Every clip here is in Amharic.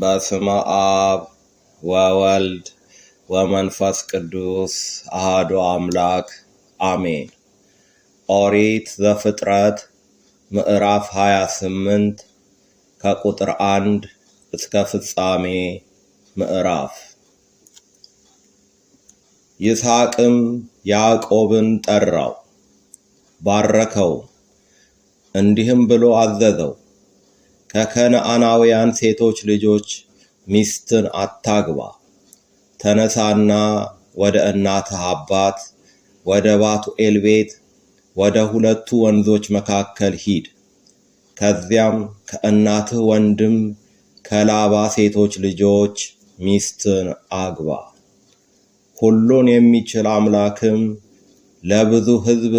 በስመ አብ ወወልድ ወመንፈስ ቅዱስ አህዶ አምላክ አሜን። ኦሪት ዘፍጥረት ምዕራፍ 28 ከቁጥር አንድ እስከ ፍጻሜ ምዕራፍ። ይስሐቅም ያዕቆብን ጠራው፣ ባረከው፣ እንዲህም ብሎ አዘዘው ከከነአናውያን ሴቶች ልጆች ሚስትን አታግባ። ተነሳና ወደ እናትህ አባት ወደ ባቱኤል ቤት ወደ ሁለቱ ወንዞች መካከል ሂድ። ከዚያም ከእናትህ ወንድም ከላባ ሴቶች ልጆች ሚስትን አግባ። ሁሉን የሚችል አምላክም ለብዙ ሕዝብ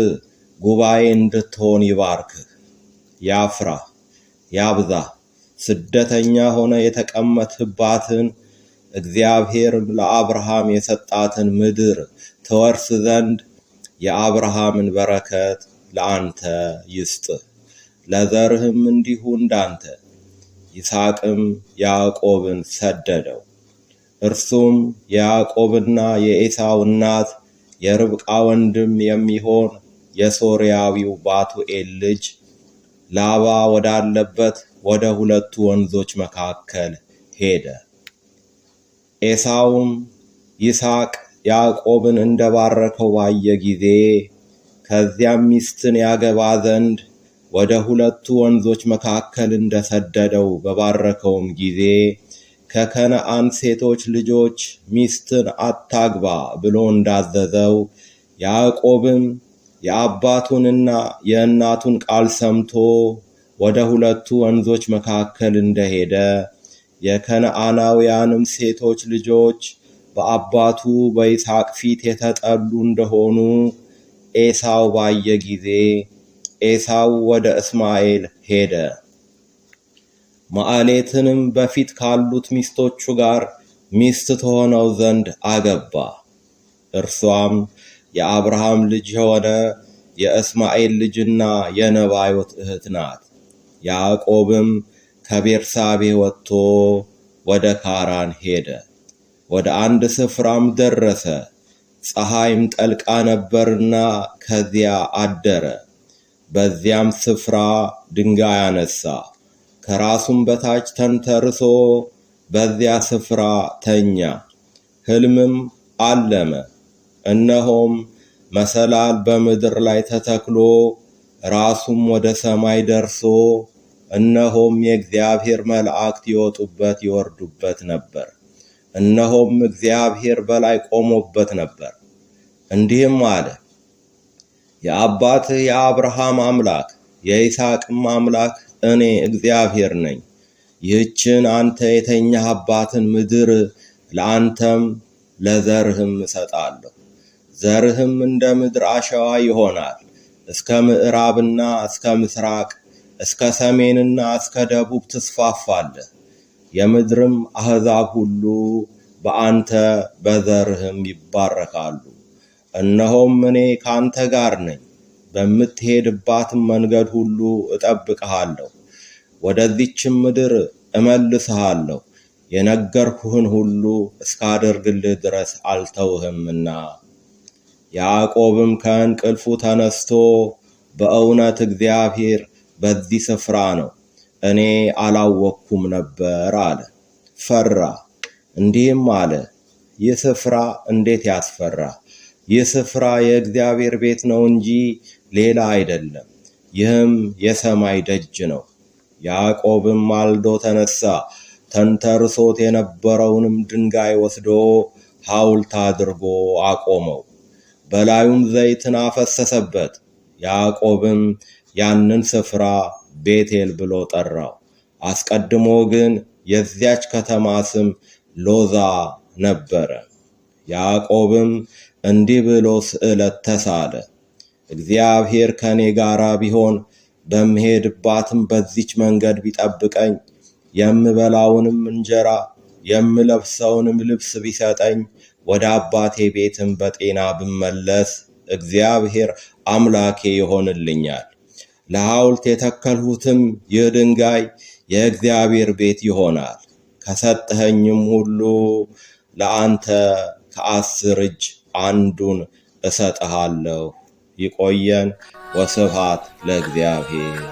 ጉባኤ እንድትሆን ይባርክህ፣ ያፍራህ። ያብዛ። ስደተኛ ሆነ የተቀመጥህባትን እግዚአብሔር ለአብርሃም የሰጣትን ምድር ትወርስ ዘንድ የአብርሃምን በረከት ለአንተ ይስጥ፣ ለዘርህም እንዲሁ እንዳንተ። ይስሐቅም ያዕቆብን ሰደደው። እርሱም የያዕቆብና የኤሳው እናት የርብቃ ወንድም የሚሆን የሶርያዊው ባቱኤል ልጅ ላባ ወዳለበት ወደ ሁለቱ ወንዞች መካከል ሄደ። ኤሳውም ይስሐቅ ያዕቆብን እንደባረከው ባየ ጊዜ ከዚያም ሚስትን ያገባ ዘንድ ወደ ሁለቱ ወንዞች መካከል እንደሰደደው በባረከውም ጊዜ ከከነአን ሴቶች ልጆች ሚስትን አታግባ ብሎ እንዳዘዘው ያዕቆብም የአባቱንና የእናቱን ቃል ሰምቶ ወደ ሁለቱ ወንዞች መካከል እንደሄደ የከነአናውያንም ሴቶች ልጆች በአባቱ በይስሐቅ ፊት የተጠሉ እንደሆኑ ኤሳው ባየ ጊዜ ኤሳው ወደ እስማኤል ሄደ። ማዕሌትንም በፊት ካሉት ሚስቶቹ ጋር ሚስት ትሆነው ዘንድ አገባ። እርሷም የአብርሃም ልጅ የሆነ የእስማኤል ልጅና የነባዮት እህት ናት። ያዕቆብም ከቤርሳቤ ወጥቶ ወደ ካራን ሄደ። ወደ አንድ ስፍራም ደረሰ። ፀሐይም ጠልቃ ነበርና ከዚያ አደረ። በዚያም ስፍራ ድንጋይ አነሳ፣ ከራሱም በታች ተንተርሶ በዚያ ስፍራ ተኛ። ሕልምም አለመ። እነሆም መሰላል በምድር ላይ ተተክሎ ራሱም ወደ ሰማይ ደርሶ እነሆም የእግዚአብሔር መላእክት ይወጡበት ይወርዱበት ነበር። እነሆም እግዚአብሔር በላይ ቆሞበት ነበር። እንዲህም አለ፣ የአባትህ የአብርሃም አምላክ የይስሐቅም አምላክ እኔ እግዚአብሔር ነኝ። ይህችን አንተ የተኛህባትን ምድር ለአንተም ለዘርህም እሰጣለሁ። ዘርህም እንደ ምድር አሸዋ ይሆናል። እስከ ምዕራብና እስከ ምስራቅ እስከ ሰሜንና እስከ ደቡብ ትስፋፋለህ። የምድርም አሕዛብ ሁሉ በአንተ በዘርህም ይባረካሉ። እነሆም እኔ ከአንተ ጋር ነኝ፣ በምትሄድባትም መንገድ ሁሉ እጠብቅሃለሁ፣ ወደዚችም ምድር እመልስሃለሁ። የነገርኩህን ሁሉ እስካደርግልህ ድረስ አልተውህምና ያዕቆብም ከእንቅልፉ ተነስቶ በእውነት እግዚአብሔር በዚህ ስፍራ ነው፣ እኔ አላወቅኩም ነበር አለ። ፈራ፣ እንዲህም አለ፣ ይህ ስፍራ እንዴት ያስፈራ! ይህ ስፍራ የእግዚአብሔር ቤት ነው እንጂ ሌላ አይደለም። ይህም የሰማይ ደጅ ነው። ያዕቆብም ማልዶ ተነሳ፣ ተንተርሶት የነበረውንም ድንጋይ ወስዶ ሐውልት አድርጎ አቆመው። በላዩም ዘይትን አፈሰሰበት። ያዕቆብም ያንን ስፍራ ቤቴል ብሎ ጠራው። አስቀድሞ ግን የዚያች ከተማ ስም ሎዛ ነበረ። ያዕቆብም እንዲህ ብሎ ስዕለት ተሳለ። እግዚአብሔር ከእኔ ጋር ቢሆን በምሄድባትም በዚች መንገድ ቢጠብቀኝ የምበላውንም እንጀራ የምለብሰውንም ልብስ ቢሰጠኝ ወደ አባቴ ቤትም በጤና ብመለስ እግዚአብሔር አምላኬ ይሆንልኛል። ለሐውልት የተከልሁትም ይህ ድንጋይ የእግዚአብሔር ቤት ይሆናል። ከሰጠኸኝም ሁሉ ለአንተ ከአስር እጅ አንዱን እሰጥሃለሁ። ይቆየን። ወስብሐት ለእግዚአብሔር።